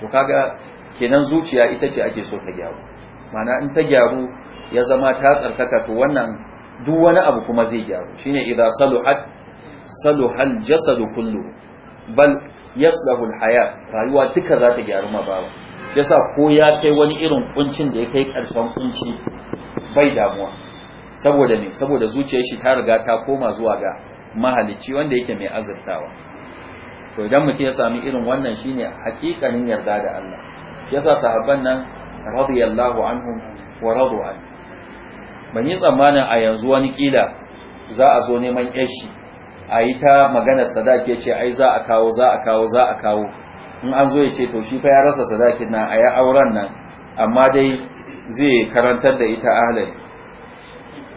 to kaga kenan zuciya ita ce ake so ta gyaru mana in ta gyaru ya zama ta tsarkaka to wannan duk wani abu kuma zai gyaru shine idza saluhat saluhal jasadu kullu bal yaslahu alhayat rayuwa duka za ta gyaru ma yasa ko ya kai wani irin kuncin da ya kai karshen kunci bai damuwa saboda ne saboda zuciyar shi ta riga ta koma zuwa ga mahalicci wanda yake mai azurtawa to idan mutum ya sami irin wannan shine hakikanin yarda da Allah shi yasa sahabban nan radiyallahu anhum wa radu an ban yi tsammanin a yanzu wani kila za a zo neman yashi a yi ta maganar sadaki ya ce ai za a kawo za a kawo za a kawo in an zo ya ce to shi fa ya rasa sadakin nan a ya auren nan amma dai zai karantar da ita ahalari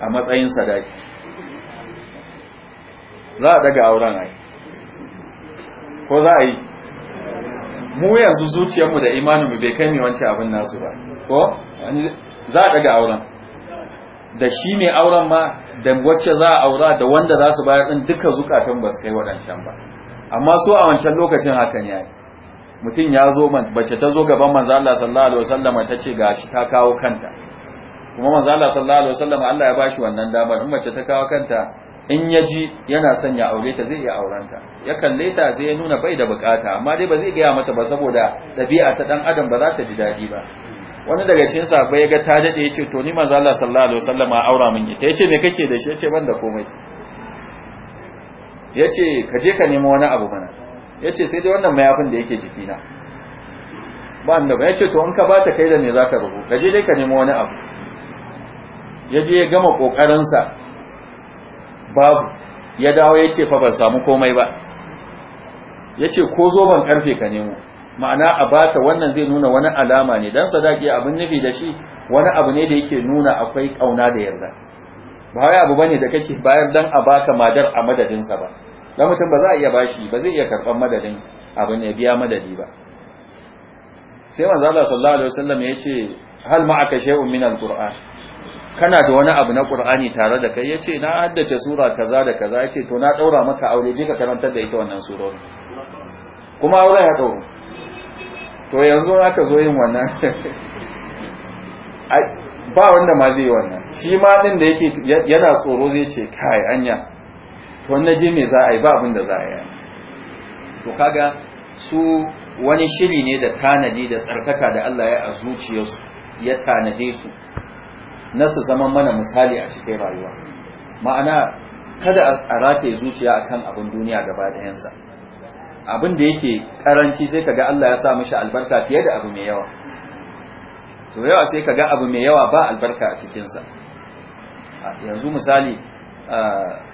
a matsayin sadaki za a daga auren ai ko za a yi mu yanzu zuciyarmu da imaninmu bai kai mai wancan abin nasu ba ko za a daga auren da shi mai auren ma da wacce za a aura da wanda za su bayar ɗin duka zukatan ba su kai waɗancan ba amma so a wancan lokacin hakan ya yi. mutum ya zo bace ta zo gaban manzo Allah sallallahu alaihi wasallama ta ce gashi ta kawo kanta kuma manzo Allah sallallahu alaihi wasallam Allah ya bashi wannan damar in mace ta kawo kanta in yaji yana son ya aure ta zai iya aurenta ya kalle ta zai ya nuna bai da bukata amma dai ba zai gaya mata ba saboda ɗabi'a ta dan adam ba za ta ji daɗi ba wani daga cikin sahabbai ya ga ta dade ya ce to ni manzo Allah sallallahu alaihi wasallam a aura min ita yace me kake da shi yace ban da komai yace ka je ka nemo wani abu mana yace sai dai wannan mayafin da yake jikina ba annabi yace to in ka bata kai da me zaka rubu ka je dai ka nemo wani abu ya je ya gama ƙoƙarinsa babu ya dawo ya ce fa ban samu komai ba ya ce ko zo ban ƙarfe ka nemo ma'ana a baka wannan zai nuna wani alama ne dan sadaki abin nufi da shi wani abu ne da yake nuna akwai kauna da yarda ba wai abu bane da kake bayar dan a baka madar a madadinsa ba dan mutum ba za a iya bashi ba zai iya karban madadin abin ya biya madadi ba sai manzo Allah sallallahu alaihi wasallam ya ce hal ma'aka shay'un min alquran kana da wani abu na qur'ani tare da kai yace na haddace sura kaza da kaza yace to na daura maka aure je ka karantar da ita wannan surorin kuma aure ya dauro to yanzu aka zo yin wannan ba wanda ma zai wannan shi ma din da yake yana tsoro zai ce kai anya to wannan je me za a yi ba abin da za a yi to kaga su wani shiri ne da tanadi da tsarkaka da Allah ya a zuciyarsu ya tanade su na su zama mana misali a cikin rayuwa ma'ana kada a rataye zuciya akan abin duniya gaba da yansa abin da yake karanci sai kaga Allah ya sa mishi albarka fiye da abu mai yawa to yawa sai kaga abu mai yawa ba albarka a cikinsa yanzu misali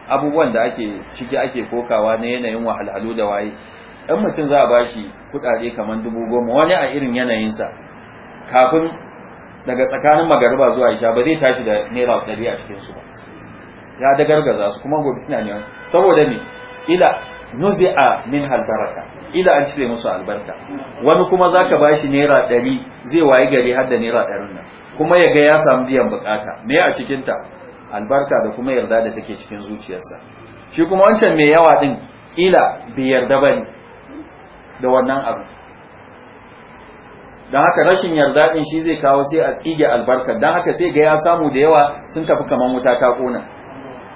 abubuwan da ake ciki ake kokawa na yanayin wahalhalu da waye ɗan mutum za a bashi shi kuɗaɗe kamar dubu goma wani a irin yanayinsa kafin daga tsakanin magariba zuwa isha ba zai tashi da naira ɗari a cikinsu ba ya da gargaza su kuma gobe suna neman saboda me ila nuzi a min halbaraka ila an cire musu albarka wani kuma za ka bashi naira ɗari zai wayi gari har da naira ɗarin nan kuma ya ga ya samu biyan bukata me a cikinta albarka da kuma yarda da take cikin zuciyarsa shi kuma wancan mai yawa ɗin kila bai yarda ba da wannan abu don haka rashin yarda din shi zai kawo sai a tsige albarkar don haka sai ga ya samu da yawa sun tafi kamar wuta ta kona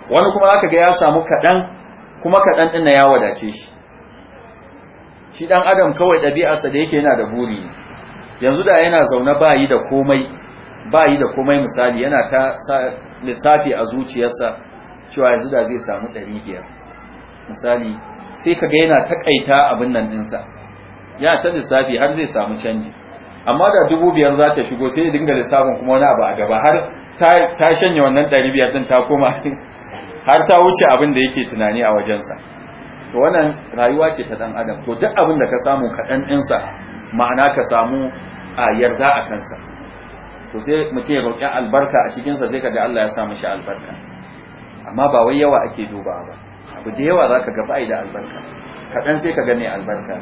wani kuma aka ga ya samu kaɗan kuma kaɗan ɗin na ya wadace shi shi ɗan adam kawai ɗabi'arsa da yake yana da buri ne yanzu da yana zaune ba yi da komai ba yi da komai misali yana ta lissafi a zuciyarsa cewa yanzu da zai samu ɗari biyar misali sai kaga yana taƙaita abin nan ɗinsa yana ta lissafi har zai samu canji amma da dubu biyar za ta shigo sai ya dinga lissafin kuma wani abu a gaba har ta shanye wannan ɗari biyar ɗin ta koma (laughs) har ta wuce abin da yake tunani a wajensa to wannan rayuwa ce ta ɗan adam to duk abin da ka samu kaɗan ɗinsa ma'ana ka samu a yarda a kansa to sai mutum ya roƙi albarka a cikinsa sai ka ga Allah ya sa mishi albarka amma ba wai yawa ake dubawa ba abu da yawa za ka ga ba'i da albarka kaɗan sai ka ga mai albarka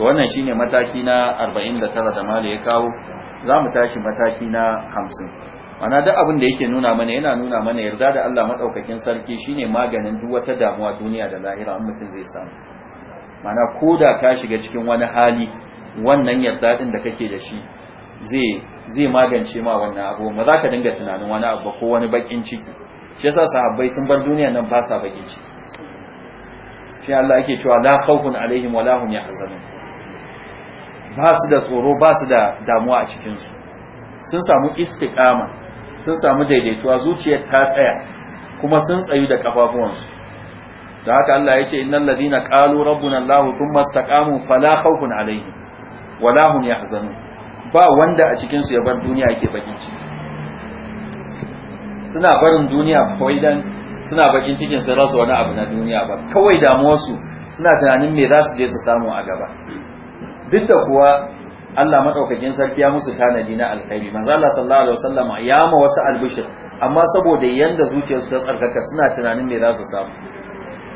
to wannan shine mataki na 49 da mali ya kawo za mu tashi mataki na 50 ana duk abin da yake nuna mana yana nuna mana yarda da Allah madaukakin sarki shine maganin duk wata damuwa duniya da lahira an mutum zai samu mana koda ka shiga cikin wani hali wannan yarda din da kake da shi zai zai magance ma wannan abu ba za ka dinga tunanin wani abu ko wani bakin ciki shi yasa sahabbai sun bar duniya nan ba sa bakin ciki shi Allah yake cewa la khawfun alaihim wa la hum yahzanun ba su da tsoro ba su da damuwa a cikinsu sun samu istiqama sun samu daidaituwa zuciyar ta tsaya kuma sun tsayu da ƙafafuwansu. da haka Allah ya ce innal ladina qalu rabbuna Allah thumma istaqamu fala khawfun alaihim wala hum yahzanun ba wanda a cikin su ya bar duniya yake bakin ciki suna barin duniya kawai dan suna bakin cikin sun rasa wani abu na duniya ba kawai damuwarsu suna tunanin me za su je su samu a gaba duk da kuwa Allah maɗaukakin sarki ya musu tanadi na alkhairi manzo Allah sallallahu alaihi wasallam ya ma wasu albishir amma saboda yanda zuciyarsu ta tsarkaka suna tunanin me za su samu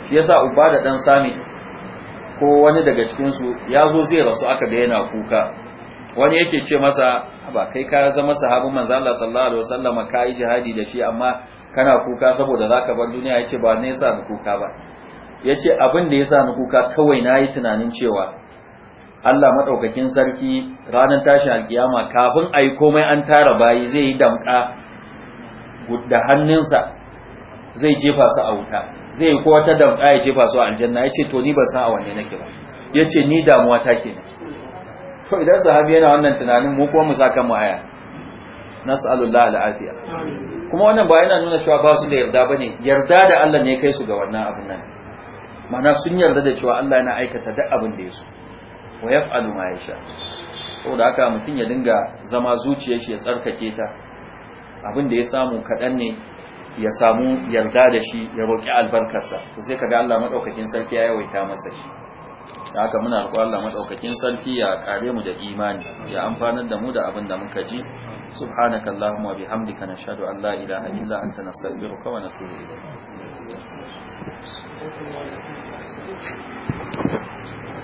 shi yasa uba da dan sami ko wani daga cikin su ya zo zai rasu aka ga yana kuka wani yake ce masa ba kai ka zama sahabin manzo Allah sallallahu alaihi wasallam ka yi jihadi da shi amma kana kuka saboda zaka bar duniya yace ba ne yasa ni kuka ba yace abin da yasa ni kuka kawai nayi tunanin cewa Allah madaukakin sarki ranar tashin alkiyama kafin a yi komai an tara bayi zai yi damka da hannunsa zai jefa su a wuta zai yi kowa ta damka ya jefa su a aljanna ya ce to ni ban san a wanne nake ba ya ce ni damuwa ta ke to idan sahabi yana wannan tunanin mu kuma mu saka mu aya nas'alullahi al'afiya kuma wannan ba yana nuna cewa ba su da yarda bane yarda da Allah ne kai su ga wannan abin nan ma'ana sun yarda da cewa Allah yana aikata duk abin da ya so wa ya yaf'alu ma ya sha saboda haka mutum ya dinga zama zuciyar shi ya tsarkake ta abinda ya samu kaɗan ne ya samu yarda da shi ya roƙi albarkarsa to sai ga Allah madaukakin sarki ya yawaita masa shi da haka muna roƙo Allah madaukakin sarki ya kare mu da imani ya amfanar da mu da abin da muka ji subhanaka allahumma wa bihamdika nashhadu an la ilaha illa anta nastaghfiruka wa natubu ilayk